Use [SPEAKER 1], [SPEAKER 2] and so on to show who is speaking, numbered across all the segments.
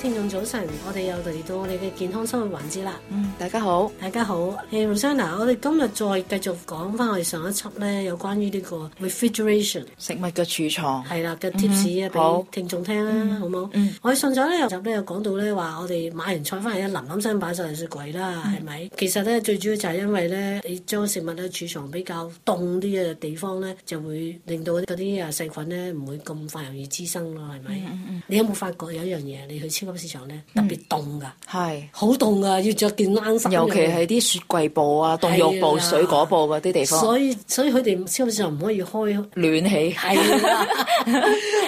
[SPEAKER 1] 聽眾早晨，我哋又嚟到我哋嘅健康生活環節啦。嗯，大家好，大家好。Leonard，我哋今日再繼續講翻我哋上一輯咧有關於呢個 refrigeration 食物嘅儲藏係啦嘅 tips 啊，俾聽眾聽啦，好唔好？我哋上一集咧又講到咧，話，我哋買完菜翻嚟啊，林林新擺晒喺雪櫃啦，係咪？其實咧最主要就係因為咧，你將食物咧儲藏比較凍啲嘅地方咧，就會令到嗰啲啊細菌咧唔會咁快容易滋生咯，係咪？你有冇發覺有一樣嘢？你去超市場咧
[SPEAKER 2] 特別凍噶，係好凍噶，要着件冷衫。尤其係啲雪櫃部啊、凍肉部、水果部嗰啲地方。所
[SPEAKER 1] 以所以佢哋超市唔可以開
[SPEAKER 2] 暖氣，係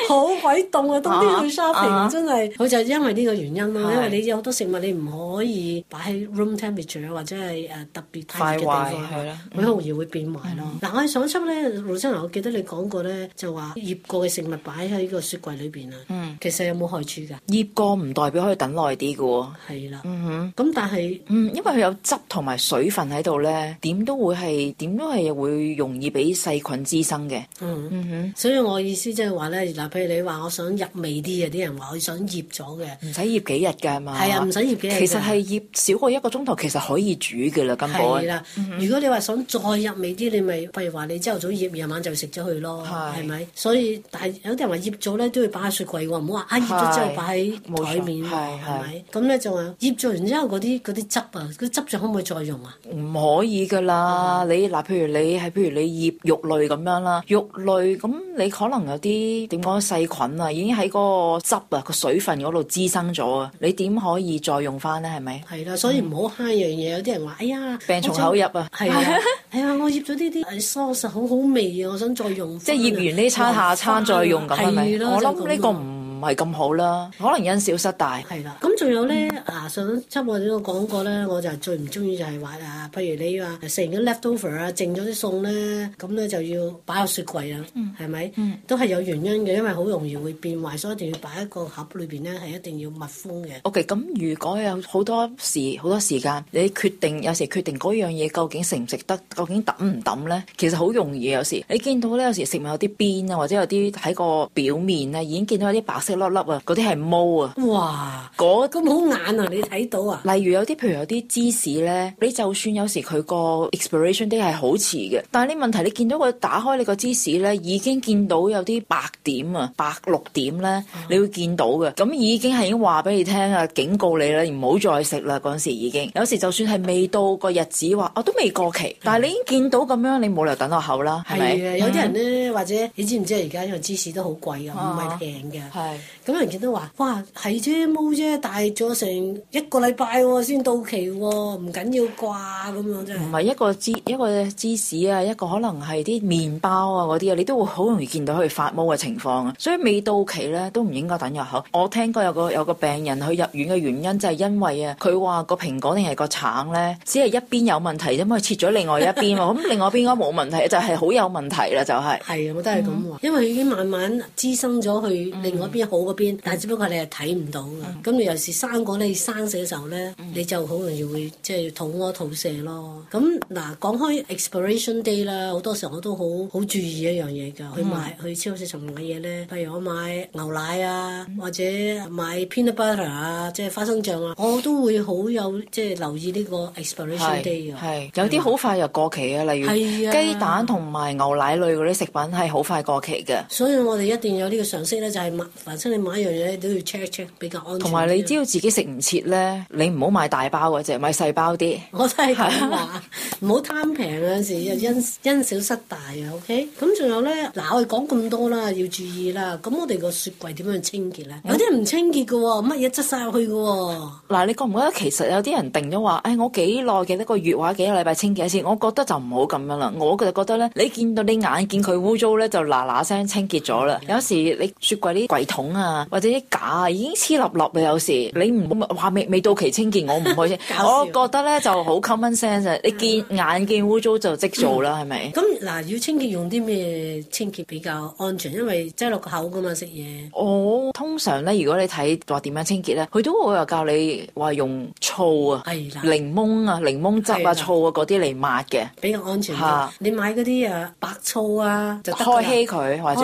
[SPEAKER 1] 好鬼凍啊！冬天去 shopping 真係，佢就因為呢個原因咯。因為你有好多食物你唔可以擺喺 room temperature 或者係誒特別快壞係啦，佢好容易會變壞咯。嗱，我喺上一輯咧，羅生牙，我記得你講過咧，就話醃過嘅食物擺喺呢個雪櫃裏邊啊，嗯，其實有冇害處噶？
[SPEAKER 2] 醃過唔代表可以等耐啲嘅喎，係啦，咁、嗯、但係，嗯，因為佢有汁同埋水分喺度咧，點都會係，點都係會容易俾細菌滋生嘅，
[SPEAKER 1] 嗯
[SPEAKER 2] 哼，所以我意思即係話咧，嗱，譬如你話我想入味啲啊，啲人話佢想醃咗嘅，唔使醃幾日嘅係嘛？係啊，唔使醃幾日，其實係醃少過一個鐘頭，其實可以煮嘅啦，咁講，係啦、
[SPEAKER 1] 嗯，如果你話想再入味啲，你咪譬如話你朝頭早醃，夜晚就食咗佢咯，係咪？所以，但係有啲人話醃咗咧，都要擺喺雪櫃喎，唔好話啊醃咗之後擺喺台。係係，咁咧仲係醃做完之後嗰啲嗰啲汁啊，啲汁仲可唔可以再用啊？
[SPEAKER 2] 唔可以噶啦，嗯、你嗱，譬如你譬如你醃肉類咁樣啦，肉類咁你可能有啲點講細菌啊，已經喺嗰個汁啊個水分嗰度滋生咗啊，你點可以再用翻咧？係咪？係啦，所以唔好慳樣嘢。有啲人話，哎呀，病從口入啊！係啊，
[SPEAKER 1] 啊、哎哎，我醃咗啲啲，係餸實好好味啊！我想再用。即醃完呢餐下餐再用咁係咪？我諗
[SPEAKER 2] 呢個唔。唔係咁好啦，可能因小失大。係啦，咁仲有咧、嗯，啊上輯我都講過咧，我就最唔中意就係話啊，譬
[SPEAKER 1] 如你話食完啲 leftover 啊，剩咗啲餸咧，咁咧就要擺喺雪櫃啦，係、嗯、咪、嗯？都係有原因嘅，因為好容易會變壞，所以一定要擺喺個盒裏邊咧，係一定要密封嘅。
[SPEAKER 2] OK，咁如果有好多時好多時間，你決定有時決定嗰樣嘢究竟食唔食得，究竟抌唔抌咧，其實好容易有時，你見到咧有時食物有啲邊啊，或者有啲喺個表面咧已經見到有啲白色。粒粒啊，嗰啲係毛啊！哇，咁好眼啊！你睇到啊？例如有啲，譬如有啲芝士咧，你就算有時佢個 expiration date 係好遲嘅，但係你問題，你見到佢打開你個芝士咧，已經見到有啲白點啊、白綠點咧、啊，你會見到嘅。咁已經係已經話俾你聽啊，警告你啦，唔好再食啦！嗰時已經有時就算係未到個日子話，我、啊、都未過期，但係你已經見到咁樣，你冇理由等落口啦，係咪？啊！有啲人咧，
[SPEAKER 1] 或者你知唔知而家因為芝士都好貴啊，唔係平嘅。係。咁人見到話：哇，係啫，毛啫，
[SPEAKER 2] 大咗成一個禮拜喎，先到期喎、哦，唔緊要啩，咁樣真係。唔係一個芝一個芝士啊，一個可能係啲麵包啊嗰啲啊，你都會好容易見到佢發毛嘅情況啊。所以未到期咧，都唔應該等入口。我聽過有個有個病人去入院嘅原因就係因為啊，佢話個蘋果定係個橙咧，只係一邊有問題，啫，咪切咗另外一邊喎。咁 另外一邊應該冇問題，就係、是、好有問題啦，就係、是。係啊，我都係咁
[SPEAKER 1] 喎。因為已經慢慢滋生咗佢另外一邊、嗯。好嗰邊，但係只不過你係睇唔到噶，咁你有時生果你生食嘅時候咧，你就好容易會即係肚屙肚瀉咯。咁、嗯、嗱，講開 expiration day 啦，好多時候我都好好注意一樣嘢噶，去、嗯、買去超市面買嘢咧，譬如我買牛奶啊，嗯、或者買 peanut butter 啊，即、就、係、是、花生醬啊，我都會好有即係、就是、留意呢個 expiration day。係
[SPEAKER 2] 有啲好快又過期啊，例如雞、啊、蛋同埋牛奶類嗰啲食品係好快過期嘅。所以我哋一定要有呢個常識咧，就係本身你買一樣嘢都要 check check 比較安全。同埋你知道自己食唔切咧，你唔好買大包嘅，就買細包啲。
[SPEAKER 1] 我真係咁話，唔 好貪平啊！有時又因因小失大啊，OK？咁仲有咧，嗱我哋講咁多啦，要注意啦。咁我哋個雪櫃點樣清潔咧、
[SPEAKER 2] 嗯？有啲唔清潔嘅喎，乜嘢執晒去嘅喎？嗱、啊，你覺唔覺得其實有啲人定咗話，誒、哎、我幾耐嘅一個月或者幾個禮拜清潔一次？我覺得就唔好咁樣啦。我就覺得咧，你見到你眼、嗯、見佢污糟咧，就嗱嗱聲清潔咗啦、嗯。有時你雪櫃啲櫃桶。啊，或者啲架啊，已經黐笠笠啦。有時你唔好話未未到期清潔，我唔去啫。 笑我覺得咧就好 common sense 啊！ 你見眼見污糟就即做啦，係、嗯、咪？咁嗱、嗯，要清潔用啲咩清潔比較安全？因為擠落口噶嘛，食嘢。哦，通常咧，如果你睇話點樣清潔咧，佢都會話教你話用醋啊、檸檬啊、檸檬汁啊、醋啊嗰啲嚟抹嘅，比較安全嚇。
[SPEAKER 1] 你買嗰啲啊白醋
[SPEAKER 2] 啊，就開稀佢或者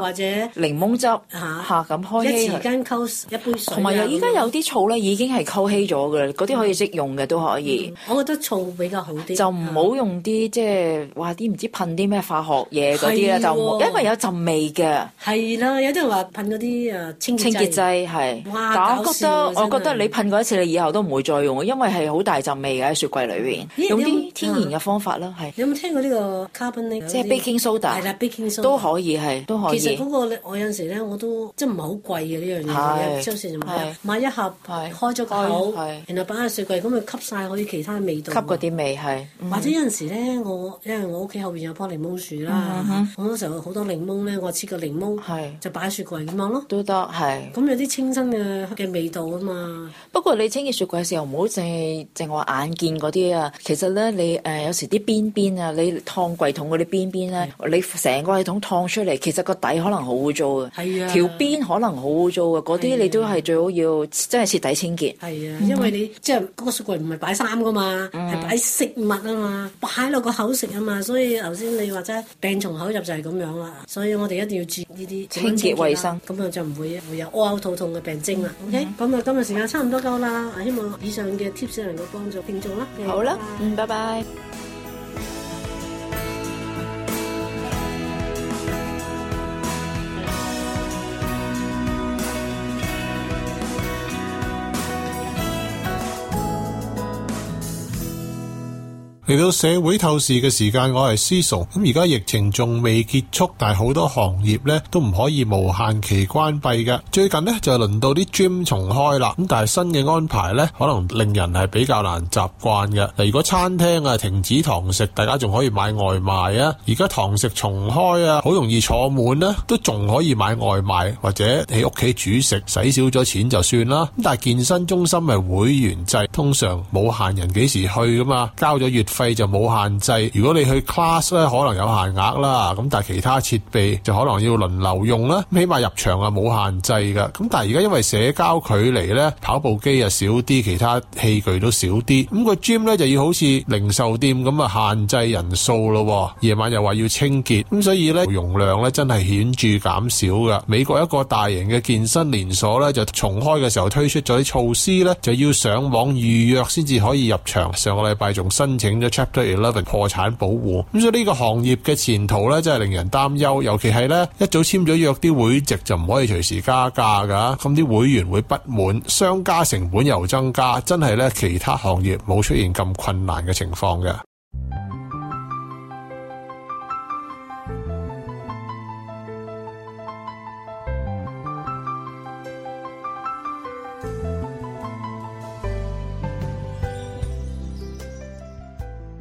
[SPEAKER 2] 或者、啊、檸檬汁嚇。啊咁開一匙羹
[SPEAKER 1] 溝，一杯水，啊。同埋又依家有
[SPEAKER 2] 啲醋咧，草已經係溝稀咗㗎啦，嗰、嗯、啲、嗰個、可以即用嘅都可以。嗯、我覺得醋比較好啲，就唔好用啲即係話啲唔知噴啲咩化學嘢嗰啲啦，就因為有陣味嘅。係
[SPEAKER 1] 啦，有啲人話噴嗰啲清潔劑。清潔劑
[SPEAKER 2] 係，但我覺得我覺得你噴過一次，你以後都唔會再用，因為係好大陣味嘅喺雪櫃裏面，用啲天然嘅方法啦，係、嗯。你
[SPEAKER 1] 有冇聽過呢個 carbon 即係 baking, baking
[SPEAKER 2] soda。係 b 都可以係，都可以。其實、
[SPEAKER 1] 嗰個、我有時咧，我都。即係唔係好貴嘅呢樣嘢？超市就買一盒，開咗口，然後擺喺雪櫃，咁咪吸晒嗰啲其他味道。吸嗰啲味係。或者有陣時咧、嗯，我因為我屋企後邊有棵檸檬樹啦，我、嗯、嗰、嗯、時候好多檸檬咧，我切個檸檬就擺喺雪櫃咁樣咯。都得。係。咁有啲清新嘅嘅味道啊嘛。
[SPEAKER 2] 不過你清潔雪櫃嘅時候唔好淨係淨話眼見嗰啲啊，其實咧你誒、呃、有時啲邊邊啊，你燙櫃桶嗰啲邊邊咧，你成個櫃桶燙出嚟，其實個底可能好污糟嘅。係啊。邊可能好污糟嘅，嗰啲你都係最好要即係徹底清潔。係
[SPEAKER 1] 啊、嗯，因為你即係嗰個雪櫃唔係擺衫噶嘛，係、嗯、擺食物啊嘛，擺落個口食啊嘛，所以頭先你話齋病從口入就係咁樣啦。所以我哋一定要注意呢啲清潔衛、啊、生，咁樣就唔會會有屙嘔肚痛嘅病徵啦、嗯。OK，咁、嗯、啊今日時間差唔多夠啦，希望以上嘅 tips 能夠幫助聽眾啦。好啦，嗯，拜拜。拜拜。
[SPEAKER 3] 嚟到社會透視嘅時間，我係思聰。咁而家疫情仲未結束，但係好多行業咧都唔可以無限期關閉嘅。最近咧就係輪到啲 gym 重開啦。咁但係新嘅安排咧，可能令人係比較難習慣嘅。如果餐廳啊停止堂食，大家仲可以買外賣啊。而家堂食重開啊，好容易坐滿啦，都仲可以買外賣或者喺屋企煮食，使少咗錢就算啦。咁但係健身中心係會員制，通常冇限人幾時去噶嘛，交咗月費。費就冇限制，如果你去 class 咧，可能有限額啦。咁但係其他設備就可能要輪流用啦。起碼入場啊冇限制㗎。咁但係而家因為社交距離咧，跑步機啊少啲，其他器具都少啲。咁個 gym 咧就要好似零售店咁啊，限制人數咯。夜晚又話要清潔，咁所以咧容量咧真係顯著減少㗎。美國一個大型嘅健身連鎖咧就重開嘅時候推出咗啲措施咧，就要上網預約先至可以入場。上個禮拜仲申請咗。Chapter Eleven 破產保護，咁所以呢個行業嘅前途咧真係令人擔憂。尤其係咧一早簽咗約啲會籍就唔可以隨時加價㗎，咁啲會員會不滿，商家成本又增加，真係咧其他行業冇出現咁困難嘅情況嘅。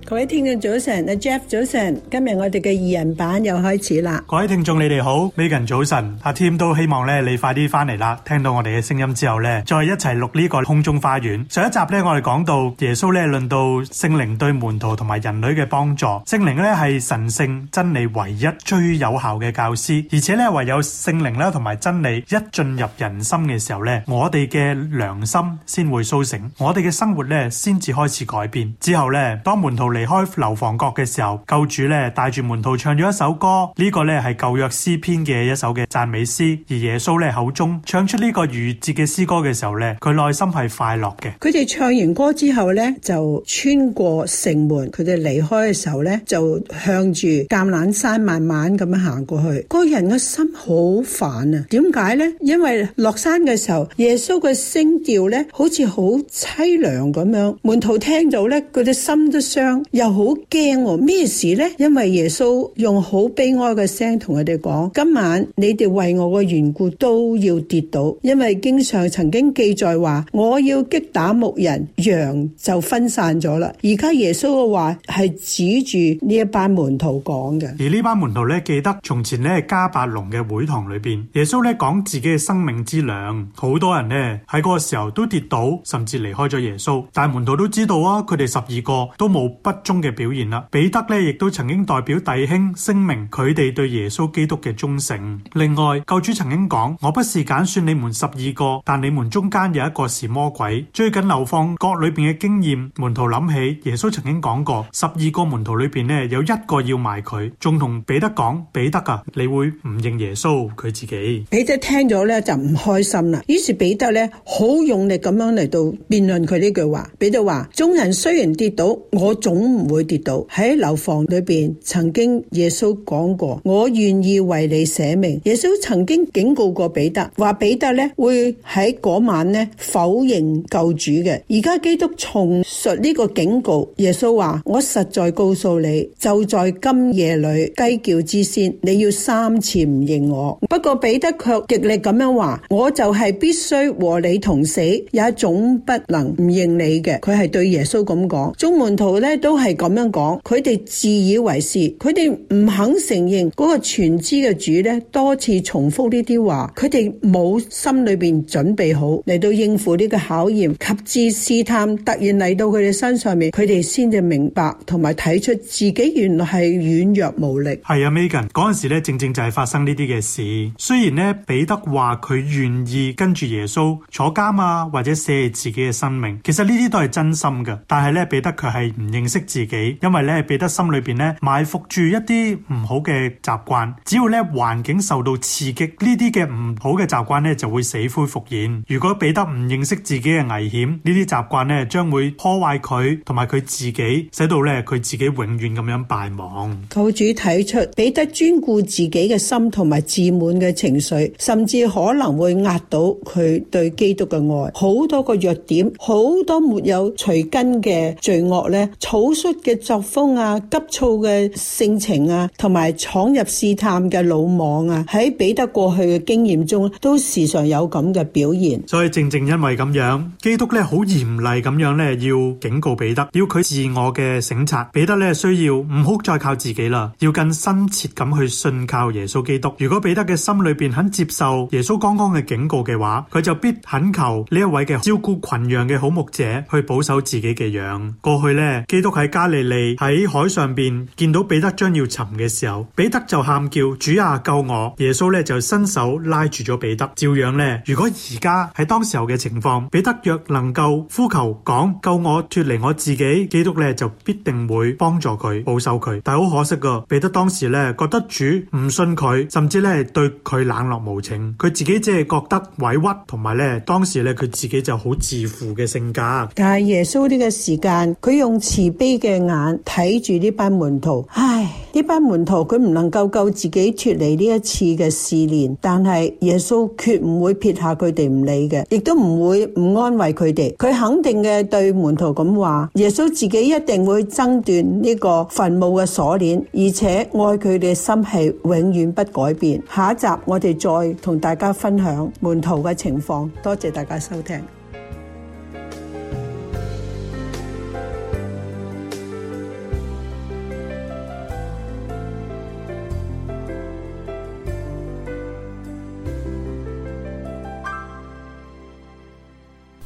[SPEAKER 4] 各位聽眾早晨，阿 Jeff 早晨，今日我哋嘅二人版又開始啦。各位聽眾你哋好，Megan 早晨，阿 Tim 都希望咧你快啲翻嚟啦。聽到我哋嘅聲音之後咧，再一齊錄呢個空中花園。上一集咧，我哋講到耶穌咧論到聖靈對門徒同埋人類嘅幫助，聖靈咧係神聖真理唯一最有效嘅教師，而且咧唯有聖靈咧同埋真理一進入人心嘅時候咧，我哋嘅良心先會蘇醒，我哋嘅生活咧先至開始改變。之後咧，當門徒。離開樓房角嘅時候，救主咧帶住門徒唱咗一首歌，這個、呢個咧係舊約詩篇嘅一首嘅讚美詩。而耶穌咧口中唱出呢個逾節嘅詩歌嘅時候咧，佢內心係快樂嘅。
[SPEAKER 5] 佢哋唱完歌之後咧，就穿過城門，佢哋離開嘅時候咧，就向住橄欖山慢慢咁樣行過去。個人嘅心好煩啊！點解咧？因為落山嘅時候，耶穌嘅聲調咧好似好淒涼咁樣，門徒聽到咧，佢哋心都傷。又好驚，咩事呢？因為耶穌用好悲哀嘅聲同佢哋講：今晚你哋為我嘅緣故都要跌倒，因為經上曾經記載話：我要擊打牧人，羊就分散咗啦。而家耶穌嘅話係指住呢一班門徒講嘅。
[SPEAKER 4] 而呢班門徒咧記得從前咧加百隆嘅會堂裏邊，耶穌咧講自己嘅生命之糧，好多人呢喺個時候都跌倒，甚至離開咗耶穌。但門徒都知道啊，佢哋十二個都冇不。中嘅表現啦，彼得咧亦都曾經代表弟兄聲明佢哋對耶穌基督嘅忠誠。另外，救主曾經講：我不是揀選你們十二個，但你們中間有一個是魔鬼。最近流放角裏邊嘅經驗，門徒諗起耶穌曾經講過：十二個門徒裏邊咧有一個要賣佢，仲同彼得講：彼得啊，你會唔認耶穌佢自己？
[SPEAKER 5] 彼得聽咗咧就唔開心啦，於是彼得咧好用力咁樣嚟到辯論佢呢句話。彼得話：眾人雖然跌倒，我總唔會跌倒，喺樓房裏邊。曾經耶穌講過：我願意為你捨命。耶穌曾經警告過彼得，話彼得咧會喺嗰晚呢否認救主嘅。而家基督重述呢個警告，耶穌話：我實在告訴你，就在今夜裏雞叫之先，你要三次唔認我。不過彼得卻極力咁樣話：我就係必須和你同死，也總不能唔認你嘅。佢係對耶穌咁講。眾門徒咧都。係咁樣講，佢哋自以為是，佢哋唔肯承認嗰個全知嘅主咧多次重複呢啲話，佢哋冇心裏邊準備好嚟到應付呢個考驗及至試探，突然嚟到佢哋身上面，佢哋先至明白同埋睇出自己原來係軟弱無力。
[SPEAKER 4] 係啊，Megan，嗰陣時咧正正就係發生呢啲嘅事。雖然呢，彼得話佢願意跟住耶穌坐監啊，或者捨自己嘅生命，其實呢啲都係真心嘅，但係呢，彼得佢係唔認識。自己，因為咧彼得心裏邊咧埋伏住一啲唔好嘅習慣，只要咧環境受到刺激，呢啲嘅唔好嘅習慣咧就會死灰復燃。如果彼得唔認識自己嘅危險，呢啲習慣咧將會破壞佢同埋佢自己，使到咧佢自己永遠咁樣敗亡。
[SPEAKER 5] 救主睇出彼得專顧自己嘅心同埋自滿嘅情緒，甚至可能會壓倒佢對基督嘅愛。好多個弱點，好多沒有除根嘅罪惡咧草。草率嘅作風啊，急躁嘅性情啊，同埋闖入試探嘅魯莽啊，喺彼得過去嘅經驗中都時常有咁嘅表現。
[SPEAKER 4] 所以正正因為咁樣，基督咧好嚴厲咁樣咧，要警告彼得，要佢自我嘅省察。彼得咧需要唔好再靠自己啦，要更深切咁去信靠耶穌基督。如果彼得嘅心裏邊肯接受耶穌剛剛嘅警告嘅話，佢就必懇求呢一位嘅照顧群羊嘅好牧者去保守自己嘅羊。過去呢，基督。喺加利利喺海上邊見到彼得將要沉嘅時候，彼得就喊叫：主啊，救我！耶穌咧就伸手拉住咗彼得，照樣咧。如果而家喺當時候嘅情況，彼得若能夠呼求講救我脫離我自己，基督咧就必定會幫助佢保守佢。但係好可惜噶，彼得當時咧覺得主唔信佢，甚至咧對佢冷落無情，佢自己只係覺得委屈，同埋咧當時咧佢自己就好自負嘅性格。
[SPEAKER 5] 但係耶穌呢個時間，佢用慈悲。啲嘅眼睇住呢班門徒，唉，呢班門徒佢唔能夠救自己脱離呢一次嘅試煉，但係耶穌決唔會撇下佢哋唔理嘅，亦都唔會唔安慰佢哋。佢肯定嘅對門徒咁話，耶穌自己一定會掙斷呢個墳墓嘅鎖鏈，而且愛佢哋心係永遠不改變。下一集我哋再同大家分享門徒嘅情況。多謝大家收聽。